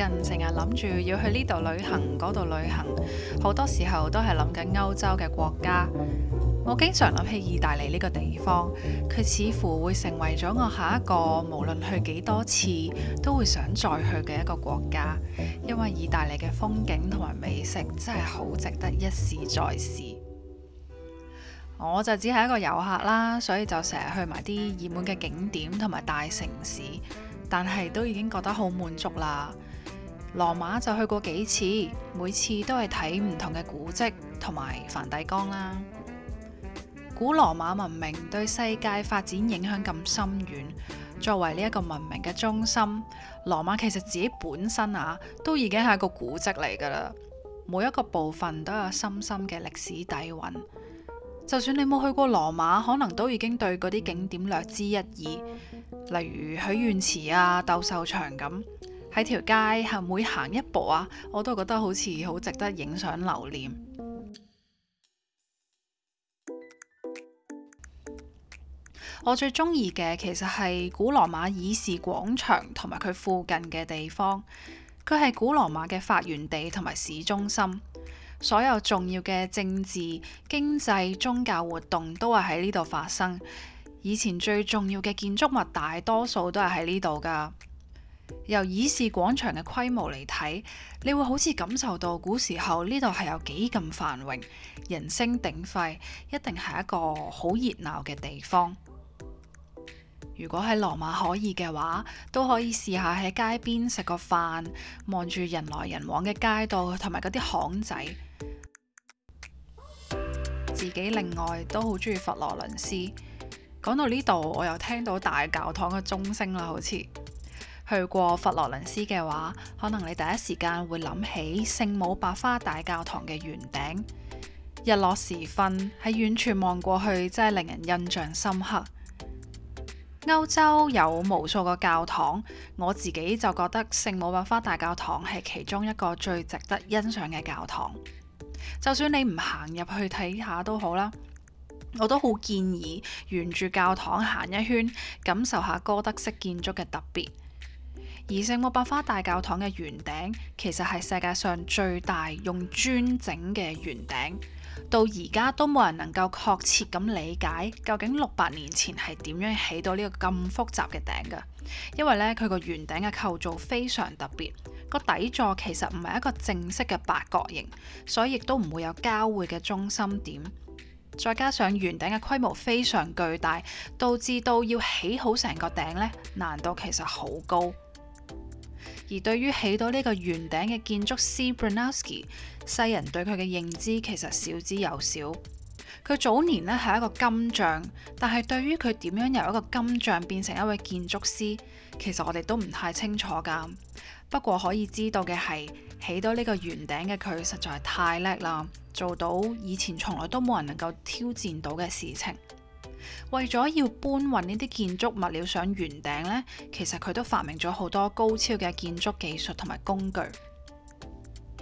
最近成日諗住要去呢度旅行，嗰度旅行好多時候都係諗緊歐洲嘅國家。我經常諗起意大利呢個地方，佢似乎會成為咗我下一個無論去幾多次都會想再去嘅一個國家，因為意大利嘅風景同埋美食真係好值得一試再試。我就只係一個遊客啦，所以就成日去埋啲熱門嘅景點同埋大城市，但係都已經覺得好滿足啦。羅馬就去過幾次，每次都係睇唔同嘅古蹟同埋梵蒂岡啦。古羅馬文明對世界發展影響咁深遠，作為呢一個文明嘅中心，羅馬其實自己本身啊都已經係一個古蹟嚟㗎喇。每一個部分都有深深嘅歷史底蘊。就算你冇去過羅馬，可能都已經對嗰啲景點略知一二，例如許願池啊、鬥獸場咁。喺條街，係每行一步啊，我都覺得好似好值得影相留念。 我最中意嘅其實係古羅馬議事廣場同埋佢附近嘅地方。佢係古羅馬嘅發源地同埋市中心，所有重要嘅政治、經濟、宗教活動都係喺呢度發生。以前最重要嘅建築物大多數都係喺呢度㗎。由以示廣場嘅規模嚟睇，你會好似感受到古時候呢度係有幾咁繁榮，人聲鼎沸，一定係一個好熱鬧嘅地方。如果喺羅馬可以嘅話，都可以試下喺街邊食個飯，望住人來人往嘅街道同埋嗰啲巷仔。自己另外都好中意佛羅倫斯。講到呢度，我又聽到大教堂嘅鐘聲啦，好似。去過佛羅倫斯嘅話，可能你第一時間會諗起聖母百花大教堂嘅圓頂。日落時分喺遠處望過去，真係令人印象深刻。歐洲有無數個教堂，我自己就覺得聖母百花大教堂係其中一個最值得欣賞嘅教堂。就算你唔行入去睇下都好啦，我都好建議沿住教堂行一圈，感受下哥德式建築嘅特別。而聖母百花大教堂嘅圓頂其實係世界上最大用磚整嘅圓頂，到而家都冇人能夠確切咁理解究竟六百年前係點樣起到呢個咁複雜嘅頂㗎，因為呢，佢個圓頂嘅構造非常特別，個底座其實唔係一個正式嘅八角形，所以亦都唔會有交匯嘅中心點，再加上圓頂嘅規模非常巨大，導致到要起好成個頂呢，難度其實好高。而對於起到呢個圓頂嘅建築師 Branowski，世人對佢嘅認知其實少之又少。佢早年咧係一個金匠，但係對於佢點樣由一個金匠變成一位建築師，其實我哋都唔太清楚㗎。不過可以知道嘅係，起到呢個圓頂嘅佢實在太叻啦，做到以前從來都冇人能夠挑戰到嘅事情。為咗要搬運呢啲建築物料上圓頂呢，其實佢都發明咗好多高超嘅建築技術同埋工具。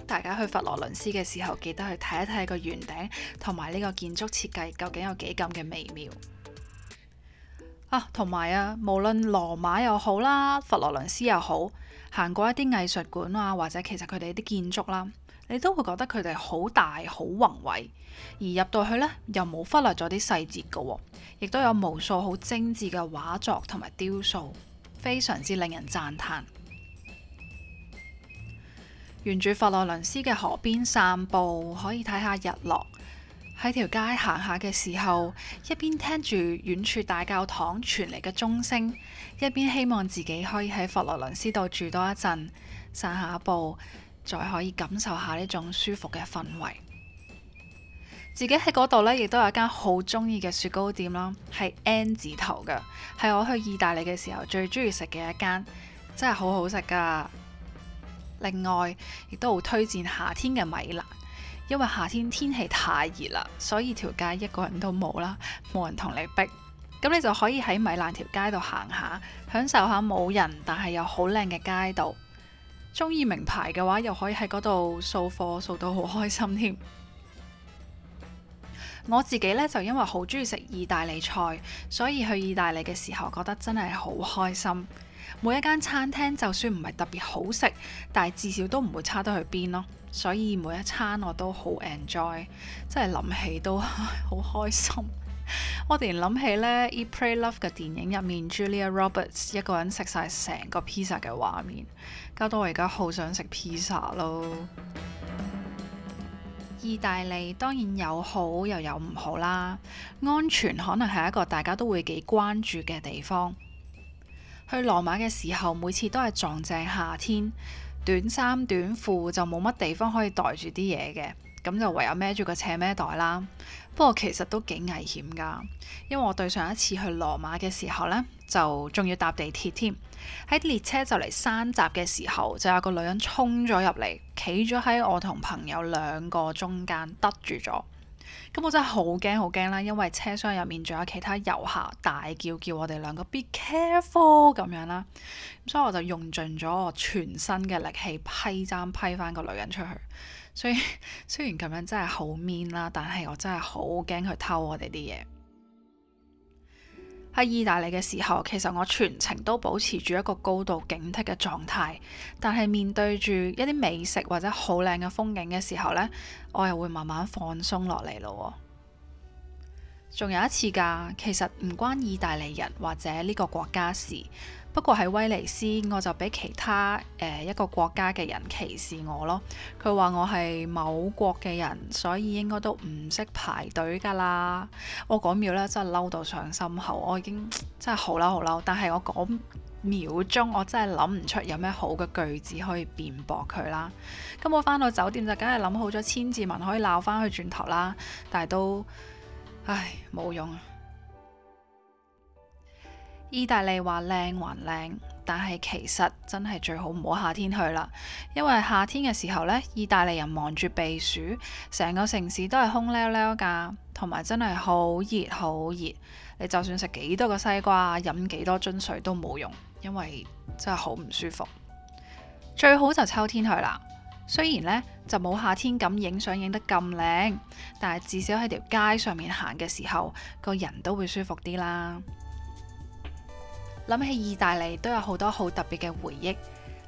大家去佛羅倫斯嘅時候，記得去睇一睇個圓頂同埋呢個建築設計究竟有幾咁嘅微妙啊！同埋啊，無論羅馬又好啦，佛羅倫斯又好，行過一啲藝術館啊，或者其實佢哋啲建築啦。你都會覺得佢哋好大好宏偉，而入到去呢，又冇忽略咗啲細節㗎，亦都有無數好精緻嘅畫作同埋雕塑，非常之令人讚歎。 沿住佛羅倫斯嘅河邊散步，可以睇下日落；喺條街行下嘅時候，一邊聽住遠處大教堂傳嚟嘅鐘聲，一邊希望自己可以喺佛羅倫斯度住多一陣，散下步。再可以感受下呢種舒服嘅氛圍。自己喺嗰度呢，亦都有一間好中意嘅雪糕店啦，係 N 字頭嘅，係我去意大利嘅時候最中意食嘅一間，真係好好食㗎。另外，亦都好推薦夏天嘅米蘭，因為夏天天氣太熱啦，所以條街一個人都冇啦，冇人同你逼，咁你就可以喺米蘭條街度行下，享受下冇人但係又好靚嘅街道。中意名牌嘅話，又可以喺嗰度掃貨，掃到好開心添。我自己呢，就因為好中意食意大利菜，所以去意大利嘅時候覺得真係好開心。每一間餐廳就算唔係特別好食，但係至少都唔會差得去邊咯。所以每一餐我都好 enjoy，真係諗起都好開心。我突然諗起咧，《Eat Pray Love》嘅電影入面，Julia Roberts 一個人食晒成個披薩嘅畫面，搞到我而家好想食披薩咯。意大利當然有好又有唔好啦，安全可能係一個大家都會幾關注嘅地方。去羅馬嘅時候，每次都係撞正夏天，短衫短褲就冇乜地方可以袋住啲嘢嘅。咁就唯有孭住個斜孭袋啦。不過其實都幾危險㗎，因為我對上一次去羅馬嘅時候呢，就仲要搭地鐵添。喺列車就嚟閂閘嘅時候，就有個女人衝咗入嚟，企咗喺我同朋友兩個中間，得住咗。咁我真係好驚好驚啦，因為車廂入面仲有其他遊客大叫叫我哋兩個 Be careful 咁樣啦。咁所以我就用盡咗我全身嘅力氣，批踭批翻個女人出去。所以雖然咁樣真係好 mean 啦，但係我真係好驚佢偷我哋啲嘢。喺意大利嘅時候，其實我全程都保持住一個高度警惕嘅狀態，但係面對住一啲美食或者好靚嘅風景嘅時候呢，我又會慢慢放鬆落嚟咯。仲有一次噶，其實唔關意，意大利人或者呢個國家事，不過喺威尼斯，我就俾其他誒、呃、一個國家嘅人歧視我咯。佢話我係某國嘅人，所以應該都唔識排隊噶啦。我嗰秒咧真係嬲到上心口，我已經真係好嬲好嬲。但係我嗰秒鐘我真係諗唔出有咩好嘅句子可以辯駁佢啦。咁我翻到酒店就梗係諗好咗千字文，可以鬧翻佢轉頭啦，但係都。唉，冇用啊。意大利話靚還靚，但係其實真係最好唔好夏天去啦，因為夏天嘅時候呢，意大利人忙住避暑，成個城市都係空溜溜噶，同埋真係好熱好熱。你就算食幾多個西瓜，飲幾多樽水都冇用，因為真係好唔舒服。最好就秋天去啦。雖然呢就冇夏天咁影相影得咁靚，但係至少喺條街上面行嘅時候，個人都會舒服啲啦。諗起意大利都有好多好特別嘅回憶，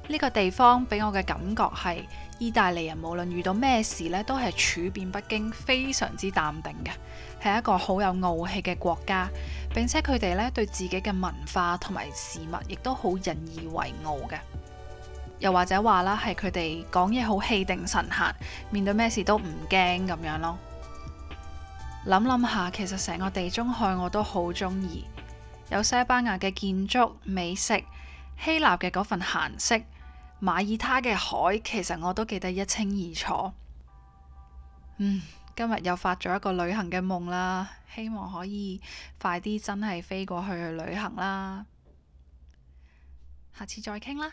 呢個地方俾我嘅感覺係意大利人無論遇到咩事呢都係處變不驚，非常之淡定嘅，係一個好有傲氣嘅國家。並且佢哋呢對自己嘅文化同埋事物亦都好引以為傲嘅。又或者話啦，係佢哋講嘢好氣定神閒，面對咩事都唔驚咁樣咯。諗諗下，其實成個地中海我都好中意，有西班牙嘅建築、美食，希臘嘅嗰份閒適，馬耳他嘅海，其實我都記得一清二楚。嗯，今日又發咗一個旅行嘅夢啦，希望可以快啲真係飛過去去旅行啦。下次再傾啦。